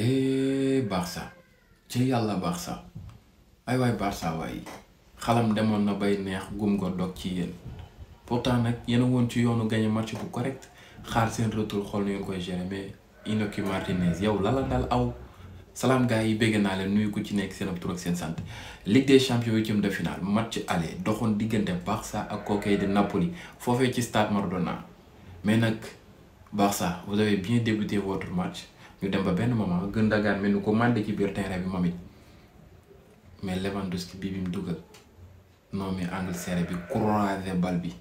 Eh, Barça ci yàlla Barça ay waay Barça waay xalam demoon na bay neex gum nga dog ci yéen pourtant nag yéen woon ci yoonu gagné match bu correct xaar seen retour xool nu ngeen koy gérer mais Inoki Martinez yow lala dal aw salaam gars yi bégg naa leen nuyu ko ci nekk seen ab ak seen sant Ligue des champions huitième de finale match aller doxoon diggante Barça ak kookay di Napoli foofee ci stade Maradona mais nag Barça vous avez bien débuté votre match. ñu dem ba benn moment gën dagaan mel ni ko màndi ci biir terrain bi moom it mais Lewandowski bii bi mu dugal non mais Angleterre bi croisé bal bi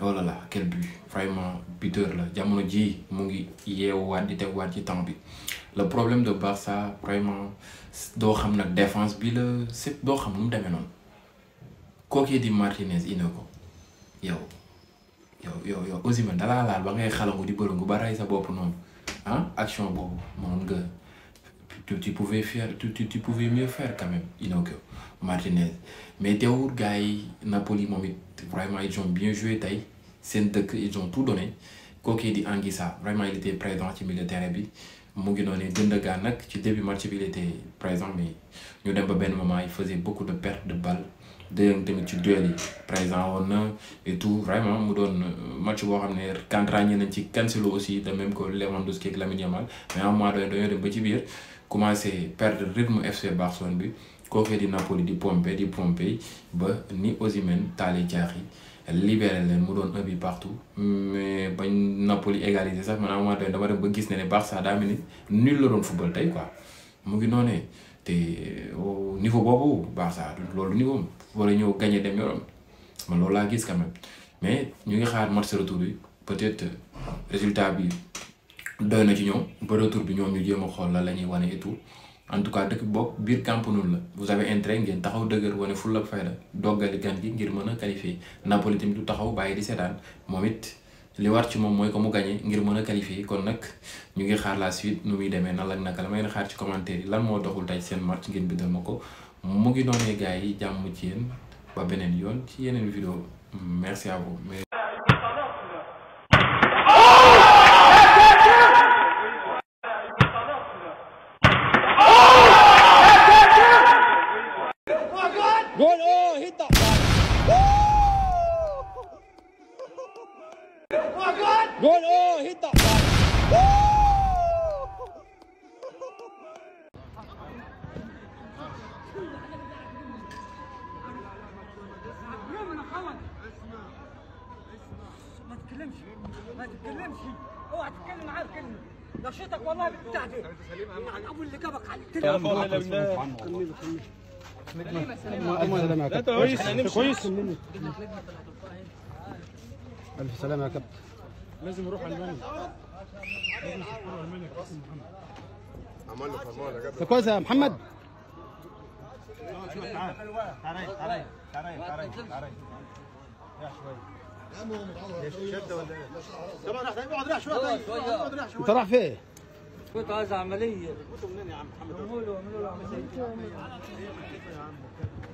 oh là là quel but vraiment la jamono ji mu ngi yeewuwaat di teguwaat ci temps bi le problème de Barça vraiment doo xam nag défense bi la c'est doo xam nu mu demee noonu kooku di Martinez indi ko yow yow yow yow Osimhen dalaa laal ba ngay xalangu di bëri ba rey sa bopp noonu. ah action boobu mënoon nga tu tu pouvais faire tu tu pouvais mieux faire quand même Inoki Martinez mais teewul gars yi Napoli moom it vraiment ils ont bien joué tey seen dëkk ils ont tout donné kooku di Anguissa vraiment il était présent ci milieu terrain bi mu ngi noonu Gundogan nag ci début match bi il était présent mais ñu dem ba benn moment il faisait beaucoup de pertes de balles. dëgg tamit ci duel yi présent woon na et tout mu doon euh, match boo xam ne kan ràññee nañ ci Cancelo aussi de même que Lewandowski ak Lamine Yamal mais en mois donné dañoo dem ba ci biir commencé perdre rythme FC Barcelone bi kookee di Napoli di pompe di pompe ba ni Osimhen taale jaax yi libéré leen mu doon un bi partout mais bañ Napoli égaliser sax man en mois donné dama dem ba gis ne ne Barça daa mel ni la doon football tey quoi mu ngi noonee. te au niveau boobu Barça loolu niveau am wala ñëw gagné dem yorom man loolu laa gis quand mais ñu ngi xaar match retour bi peut-être résultat bi doy na ci ñoom ba retour bi ñoom ñu jéem a xool la la ñuy wane et en tout cas dëkk bopp biir Camp Nou la vous avez intérêt ngeen taxaw dëgër wane fulla ak fayda doggali gan gi ngir mën a qualifier Napoli tamit du taxaw bàyyi di seetaan moom it. li war ci moom mooy ko mu gagné ngir mën a qualifier kon nag ñu ngi xaar la suite nu muy demee nan la naka la ma may xaar ci commentaire yi lan moo doxul tey seen match ngeen bindal ma ko mu ngi noonee gars yi jàmm ci yéen ba beneen yoon ci yeneen vidéo merci à Good. Oh, hit that ما تتكلمش ما تتكلمش اوعى تتكلم معاه كلمه نشيطك والله بتاع دي يعني ابو اللي جابك على التليفون كمله كمله كويس كويس الف سلامه يا كابتن لازم يروح الملك لازم يروح الملك عمل له فرمان ده كويس يا محمد تعال تعال تعال تعال تعال انت رايح فين؟ كنت عايز عمليه. اعملوا له اعملوا له عمليه.